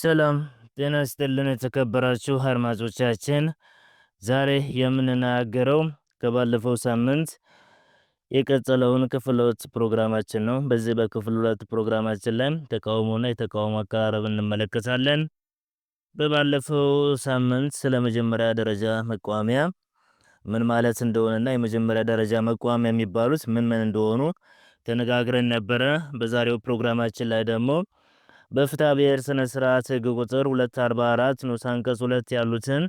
ሰላም ጤና ይስጥልን የተከበራችሁ አድማጮቻችን፣ ዛሬ የምንናገረው ከባለፈው ሳምንት የቀጠለውን ክፍል ሁለት ፕሮግራማችን ነው። በዚህ በክፍል ሁለት ፕሮግራማችን ላይ ተቃውሞና የተቃውሞ አቀራረብ እንመለከታለን። በባለፈው ሳምንት ስለ መጀመሪያ ደረጃ መቋሚያ ምን ማለት እንደሆነና የመጀመሪያ ደረጃ መቋሚያ የሚባሉት ምን ምን እንደሆኑ ተነጋግረን ነበረ። በዛሬው ፕሮግራማችን ላይ ደግሞ በፍትሐ ብሔር ስነ ስርዓት ህግ ቁጥር 244 ንዑስ አንቀጽ 2 ያሉትን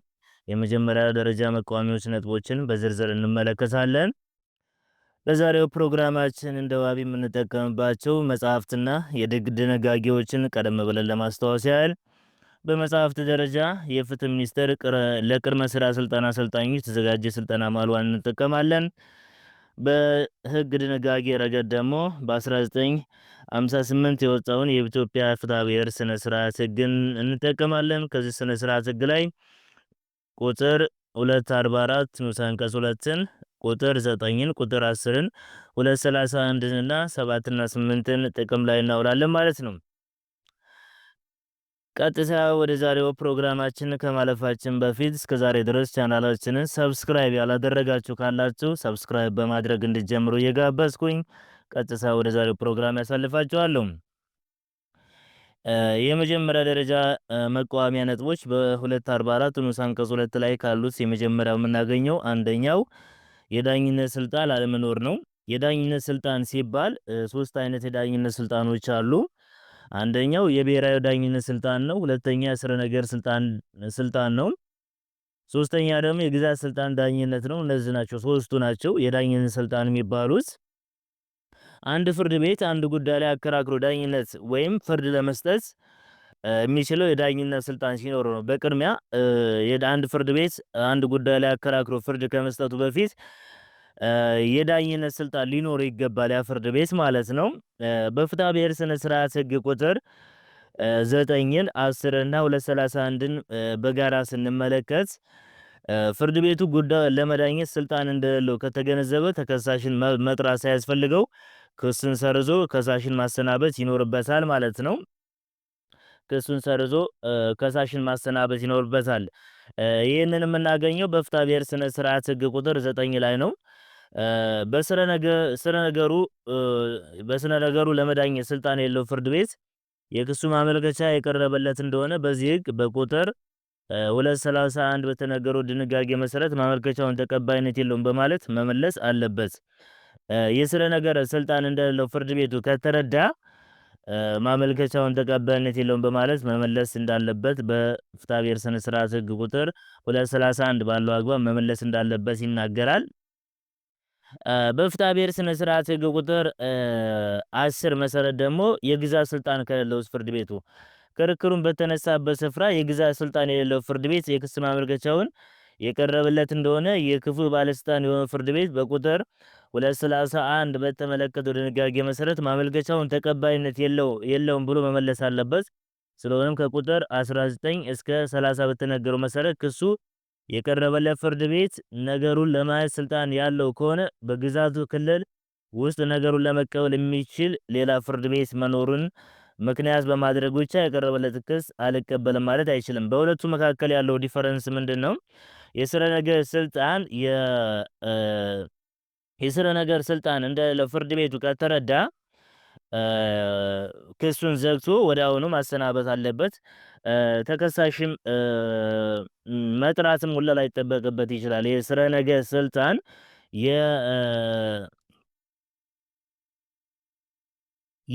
የመጀመሪያ ደረጃ መቃወሚያዎች ነጥቦችን በዝርዝር እንመለከታለን። በዛሬው ፕሮግራማችን እንደ ዋቢ የምንጠቀምባቸው መጽሐፍትና የህግ ድንጋጌዎችን ቀደም ብለን ለማስታወስ ያህል በመጽሐፍት ደረጃ የፍትህ ሚኒስቴር ለቅድመ ስራ ስልጠና አሰልጣኞች የተዘጋጀ ስልጠና ማልዋን እንጠቀማለን። በህግ ድንጋጌ ረገድ ደግሞ በ1958 የወጣውን የኢትዮጵያ ፍትሐብሔር ብሔር ስነ ስርዓት ህግን እንጠቀማለን። ከዚህ ስነ ስርዓት ህግ ላይ ቁጥር 244 ንዑስ አንቀጽ 2ን፣ ቁጥር 9ን፣ ቁጥር 10ን፣ 231 እና 7ና 8ን ጥቅም ላይ እናውላለን ማለት ነው። ቀጥታ ወደ ዛሬው ፕሮግራማችን ከማለፋችን በፊት እስከ ዛሬ ድረስ ቻናላችንን ሰብስክራይብ ያላደረጋችሁ ካላችሁ ሰብስክራይብ በማድረግ እንድጀምሩ እየጋበዝኩኝ ቀጥታ ወደ ዛሬው ፕሮግራም ያሳልፋችኋለሁ። የመጀመሪያ ደረጃ መቃወሚያ ነጥቦች በ244 ንዑስ አንቀጽ 2 ላይ ካሉት የመጀመሪያው የምናገኘው አንደኛው የዳኝነት ስልጣን አለመኖር ነው። የዳኝነት ስልጣን ሲባል ሶስት አይነት የዳኝነት ስልጣኖች አሉ። አንደኛው የብሔራዊ ዳኝነት ስልጣን ነው። ሁለተኛ ስረ ነገር ስልጣን ስልጣን ነው። ሶስተኛ ደግሞ የግዛት ስልጣን ዳኝነት ነው። እነዚህ ናቸው ሶስቱ ናቸው የዳኝነት ስልጣን የሚባሉት። አንድ ፍርድ ቤት አንድ ጉዳይ ላይ አከራክሮ ዳኝነት ወይም ፍርድ ለመስጠት የሚችለው የዳኝነት ስልጣን ሲኖር ነው። በቅድሚያ አንድ ፍርድ ቤት አንድ ጉዳይ ላይ አከራክሮ ፍርድ ከመስጠቱ በፊት የዳኝነት ስልጣን ሊኖር ይገባል፣ ያ ፍርድ ቤት ማለት ነው። በፍትሐ ብሔር ስነ ስርዓት ህግ ቁጥር ዘጠኝን አስርና ሁለት ሰላሳ አንድን በጋራ ስንመለከት ፍርድ ቤቱ ጉዳ ለመዳኘት ስልጣን እንደሌለው ከተገነዘበ ተከሳሽን መጥራት ሳያስፈልገው ክስን ሰርዞ ከሳሽን ማሰናበት ይኖርበታል ማለት ነው። ክሱን ሰርዞ ከሳሽን ማሰናበት ይኖርበታል። ይህንን የምናገኘው በፍታ ብሔር ስነ ስርዓት ህግ ቁጥር ዘጠኝ ላይ ነው። በስነ ነገሩ ለመዳኘት ስልጣን የለው ፍርድ ቤት የክሱ ማመልከቻ የቀረበለት እንደሆነ በዚህ ህግ በቁጥር 231 በተነገረው ድንጋጌ መሰረት ማመልከቻውን ተቀባይነት የለውም በማለት መመለስ አለበት። የስነ ነገረ ስልጣን እንደሌለው ፍርድ ቤቱ ከተረዳ ማመልከቻውን ተቀባይነት የለውም በማለት መመለስ እንዳለበት በፍትሐብሔር ስነ ስርዓት ህግ ቁጥር 231 ባለው አግባብ መመለስ እንዳለበት ይናገራል። በፍትሐብሔር ስነ ስርዓት ህግ ቁጥር 10 መሰረት ደግሞ የግዛት ስልጣን ከሌለውስ ፍርድ ቤቱ ክርክሩን በተነሳበት ስፍራ የግዛት ስልጣን የሌለው ፍርድ ቤት የክስ ማመልከቻውን የቀረበለት እንደሆነ የክፉ ባለስልጣን የሆነ ፍርድ ቤት በቁጥር 231 በተመለከተው ድንጋጌ መሰረት ማመልከቻውን ተቀባይነት የለውም ብሎ መመለስ አለበት። ስለሆነም ከቁጥር 19 እስከ 30 በተነገረው መሰረት ክሱ የቀረበለት ፍርድ ቤት ነገሩን ለማየት ስልጣን ያለው ከሆነ በግዛቱ ክልል ውስጥ ነገሩን ለመቀበል የሚችል ሌላ ፍርድ ቤት መኖሩን ምክንያት በማድረግ ብቻ የቀረበለት ክስ አልቀበልም ማለት አይችልም። በሁለቱ መካከል ያለው ዲፈረንስ ምንድን ነው? የስረ ነገር ስልጣን የስረ ነገር ስልጣን እንደ ፍርድ ቤቱ ከተረዳ ክሱን ዘግቶ ወደ አሁኑ ማሰናበት አለበት። ተከሳሽም መጥራትም ሁላ ላይጠበቅበት ይችላል። የስረ ነገር ስልጣን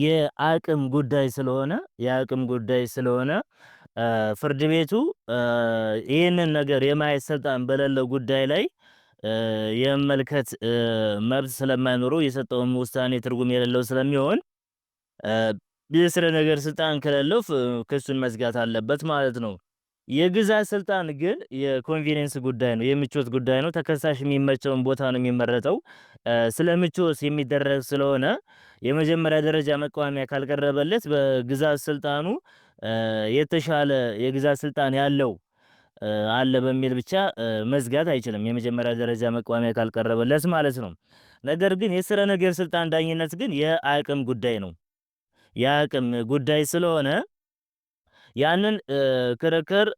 የአቅም ጉዳይ ስለሆነ የአቅም ጉዳይ ስለሆነ ፍርድ ቤቱ ይህንን ነገር የማየት ስልጣን በሌለው ጉዳይ ላይ የመመልከት መብት ስለማይኖረው የሰጠውም ውሳኔ ትርጉም የሌለው ስለሚሆን የስረ ነገር ስልጣን ከሌለው ክሱን መዝጋት አለበት ማለት ነው። የግዛት ስልጣን ግን የኮንቬኒንስ ጉዳይ ነው፣ የምቾት ጉዳይ ነው። ተከሳሽ የሚመቸውን ቦታ ነው የሚመረጠው። ስለ ምቾት የሚደረግ ስለሆነ የመጀመሪያ ደረጃ መቃወሚያ ካልቀረበለት በግዛት ስልጣኑ የተሻለ የግዛት ስልጣን ያለው አለ በሚል ብቻ መዝጋት አይችልም። የመጀመሪያ ደረጃ መቃወሚያ ካልቀረበለት ማለት ነው። ነገር ግን የስረ ነገር ስልጣን ዳኝነት ግን የአቅም ጉዳይ ነው። የአቅም ጉዳይ ስለሆነ ያንን ክርክር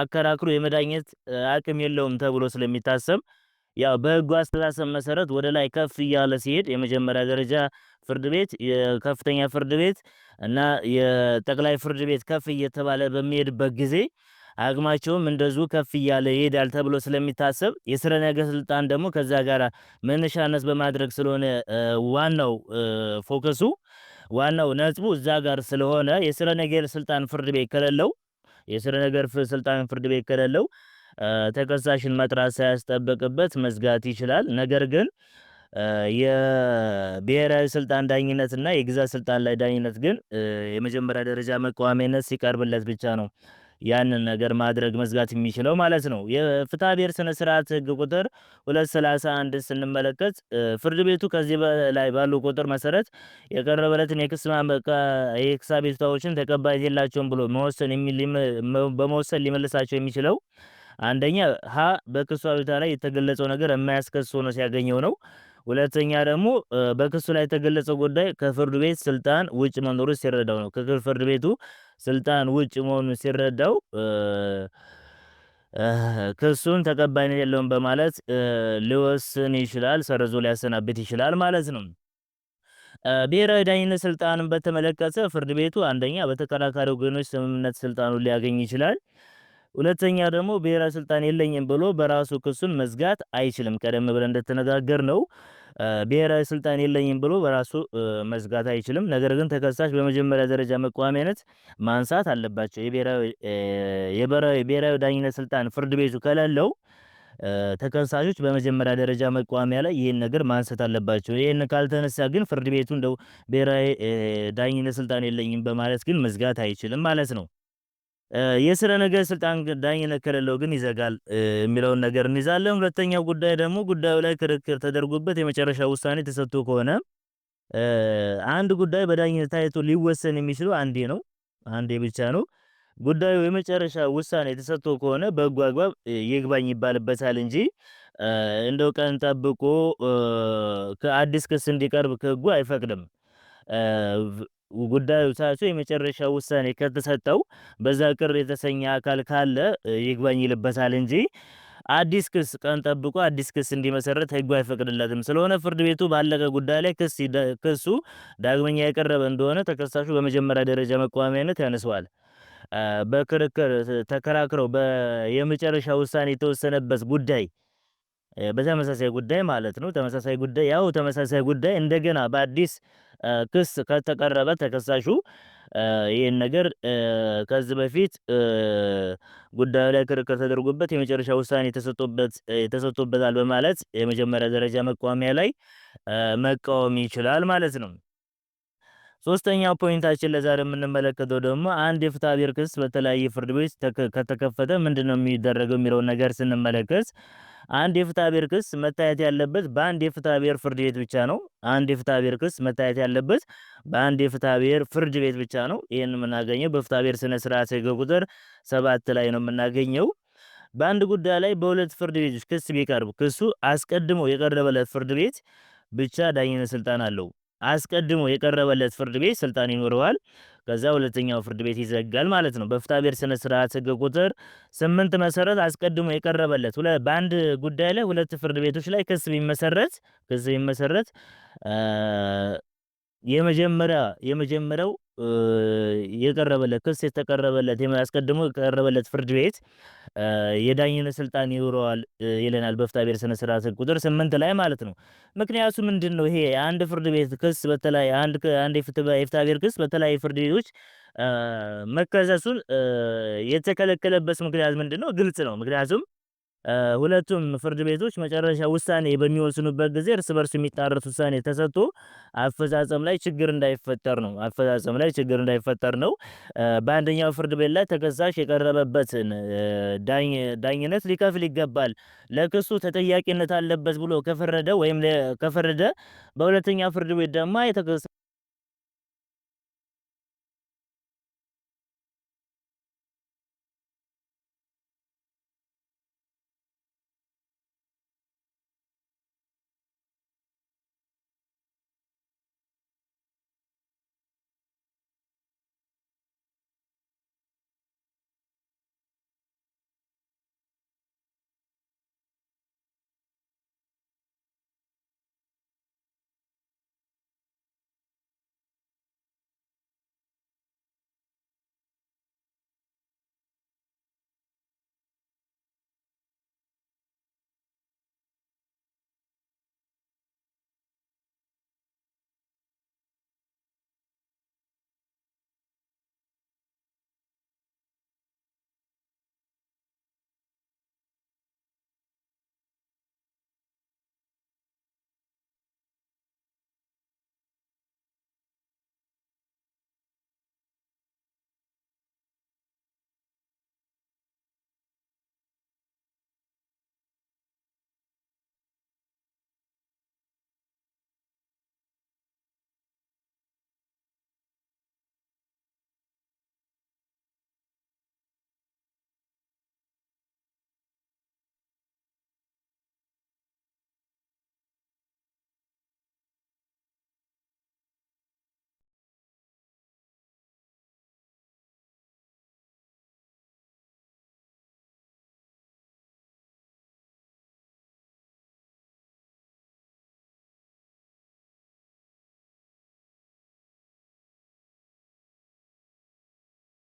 አከራክሮ የመዳኘት አቅም የለውም ተብሎ ስለሚታሰብ ያው በህጉ አስተሳሰብ መሰረት ወደ ላይ ከፍ እያለ ሲሄድ የመጀመሪያ ደረጃ ፍርድ ቤት፣ የከፍተኛ ፍርድ ቤት እና የጠቅላይ ፍርድ ቤት ከፍ እየተባለ በሚሄድበት ጊዜ አቅማቸውም እንደዙ ከፍ እያለ ይሄዳል ተብሎ ስለሚታሰብ የስረ ነገር ስልጣን ደግሞ ከዛ ጋር መነሻነት በማድረግ ስለሆነ ዋናው ፎከሱ ዋናው ነጥቡ እዛ ጋር ስለሆነ የስረ ነገር ስልጣን ፍርድ ቤት ከሌለው የስረ ነገር ስልጣን ፍርድ ቤት ከሌለው ተከሳሽን መጥራት ሳያስጠበቅበት መዝጋት ይችላል። ነገር ግን የብሔራዊ ስልጣን ዳኝነትና የግዛት ስልጣን ላይ ዳኝነት ግን የመጀመሪያ ደረጃ መቃወሚያነት ሲቀርብለት ብቻ ነው። ያንን ነገር ማድረግ መዝጋት የሚችለው ማለት ነው። የፍትሐ ብሔር ስነ ስርዓት ህግ ቁጥር 231 ስንመለከት ፍርድ ቤቱ ከዚህ በላይ ባሉ ቁጥር መሰረት የቀረበለትን የክስ አቤቱታዎችን ተቀባይነት የላቸውም ብሎ በመወሰን ሊመልሳቸው የሚችለው አንደኛ ሀ በክሱ አቤቱታ ላይ የተገለጸው ነገር የማያስከስ ሆኖ ሲያገኘው ነው። ሁለተኛ ደግሞ በክሱ ላይ የተገለጸው ጉዳይ ከፍርድ ቤት ስልጣን ውጭ መኖሩ ሲረዳው ነው። ከፍርድ ቤቱ ስልጣን ውጭ መሆኑ ሲረዳው ክሱን ተቀባይነት የለውም በማለት ሊወስን ይችላል፣ ሰርዞ ሊያሰናብት ይችላል ማለት ነው። ብሔራዊ ዳኝነት ስልጣንን በተመለከተ ፍርድ ቤቱ አንደኛ በተከራካሪ ወገኖች ስምምነት ስልጣኑን ሊያገኝ ይችላል። ሁለተኛ ደግሞ ብሔራዊ ስልጣን የለኝም ብሎ በራሱ ክሱን መዝጋት አይችልም። ቀደም ብለን እንደተነጋገር ነው ብሔራዊ ስልጣን የለኝም ብሎ በራሱ መዝጋት አይችልም። ነገር ግን ተከሳሽ በመጀመሪያ ደረጃ መቃወሚያነት ማንሳት አለባቸው። የብሔራዊ ዳኝነት ስልጣን ፍርድ ቤቱ ከሌለው ተከሳሾች በመጀመሪያ ደረጃ መቋሚያ ላይ ይህን ነገር ማንሳት አለባቸው። ይህን ካልተነሳ ግን ፍርድ ቤቱ እንደው ብሔራዊ ዳኝነት ስልጣን የለኝም በማለት ግን መዝጋት አይችልም ማለት ነው። የስረ ነገር ስልጣን ዳኝነት ከሌለው ግን ይዘጋል የሚለውን ነገር እንይዛለን። ሁለተኛው ጉዳይ ደግሞ ጉዳዩ ላይ ክርክር ተደርጎበት የመጨረሻ ውሳኔ ተሰጥቶ ከሆነ አንድ ጉዳይ በዳኝነት ታይቶ ሊወሰን የሚችለው አንዴ ነው፣ አንዴ ብቻ ነው። ጉዳዩ የመጨረሻ ውሳኔ ተሰጥቶ ከሆነ በሕጉ አግባብ ይግባኝ ይባልበታል እንጂ እንደው ቀን ጠብቆ ከአዲስ ክስ እንዲቀርብ ከህጉ አይፈቅድም። ጉዳዩ ሳያቸው የመጨረሻ ውሳኔ ከተሰጠው በዛ ቅር የተሰኘ አካል ካለ ይግባኝ ይልበታል እንጂ አዲስ ክስ ቀን ጠብቆ አዲስ ክስ እንዲመሰረት ህጉ አይፈቅድለትም። ስለሆነ ፍርድ ቤቱ ባለቀ ጉዳይ ላይ ክሱ ዳግመኛ የቀረበ እንደሆነ ተከሳሹ በመጀመሪያ ደረጃ መቃወሚያነት ያነስዋል። በክርክር ተከራክረው የመጨረሻ ውሳኔ የተወሰነበት ጉዳይ በተመሳሳይ ጉዳይ ማለት ነው። ተመሳሳይ ጉዳይ ያው ተመሳሳይ ጉዳይ እንደገና በአዲስ ክስ ከተቀረበ ተከሳሹ ይህን ነገር ከዚህ በፊት ጉዳዩ ላይ ክርክር ተደርጎበት የመጨረሻ ውሳኔ ተሰጥቶበታል በማለት የመጀመሪያ ደረጃ መቃወሚያ ላይ መቃወም ይችላል ማለት ነው። ሶስተኛው ፖይንታችን ለዛሬ የምንመለከተው ደግሞ አንድ የፍትሐ ብሔር ክስ በተለያየ ፍርድ ቤት ከተከፈተ ምንድን ነው የሚደረገው የሚለውን ነገር ስንመለከት አንድ የፍትሐብሔር ክስ መታየት ያለበት በአንድ የፍትሐብሔር ፍርድ ቤት ብቻ ነው። አንድ የፍትሐብሔር ክስ መታየት ያለበት በአንድ የፍትሐብሔር ፍርድ ቤት ብቻ ነው። ይህን የምናገኘው በፍትሐብሔር ስነ ስርዓት ሕግ ቁጥር ሰባት ላይ ነው የምናገኘው። በአንድ ጉዳይ ላይ በሁለት ፍርድ ቤቶች ክስ ቢቀርብ ክሱ አስቀድሞ የቀረበለት ፍርድ ቤት ብቻ ዳኝነት ስልጣን አለው። አስቀድሞ የቀረበለት ፍርድ ቤት ስልጣን ይኖረዋል። ከዛ ሁለተኛው ፍርድ ቤት ይዘጋል ማለት ነው። በፍትሐ ብሔር ስነ ስርዓት ህግ ቁጥር ስምንት መሰረት አስቀድሞ የቀረበለት በአንድ ጉዳይ ላይ ሁለት ፍርድ ቤቶች ላይ ክስ ቢመሰረት ክስ ቢመሰረት የመጀመሪያ የመጀመሪያው የቀረበለት ክስ የተቀረበለት አስቀድሞ የቀረበለት ፍርድ ቤት የዳኝነት ስልጣን ይውረዋል ይለናል በፍታ ብሔር ስነ ስርዓት ቁጥር ስምንት ላይ ማለት ነው። ምክንያቱ ምንድን ነው? ይሄ አንድ ፍርድ ቤት ክስ በተለይ አንድ የፍትሐ ብሔር ክስ በተለያዩ ፍርድ ቤቶች መከሰሱን የተከለከለበት ምክንያት ምንድን ነው? ግልጽ ነው። ምክንያቱም ሁለቱም ፍርድ ቤቶች መጨረሻ ውሳኔ በሚወስኑበት ጊዜ እርስ በርስ የሚጣረት ውሳኔ ተሰጥቶ አፈጻጸም ላይ ችግር እንዳይፈጠር ነው። አፈጻጸም ላይ ችግር እንዳይፈጠር ነው። በአንደኛው ፍርድ ቤት ላይ ተከሳሽ የቀረበበትን ዳኝነት ሊከፍል ይገባል፣ ለክሱ ተጠያቂነት አለበት ብሎ ከፈረደ ወይም ከፈረደ በሁለተኛ ፍርድ ቤት ደግሞ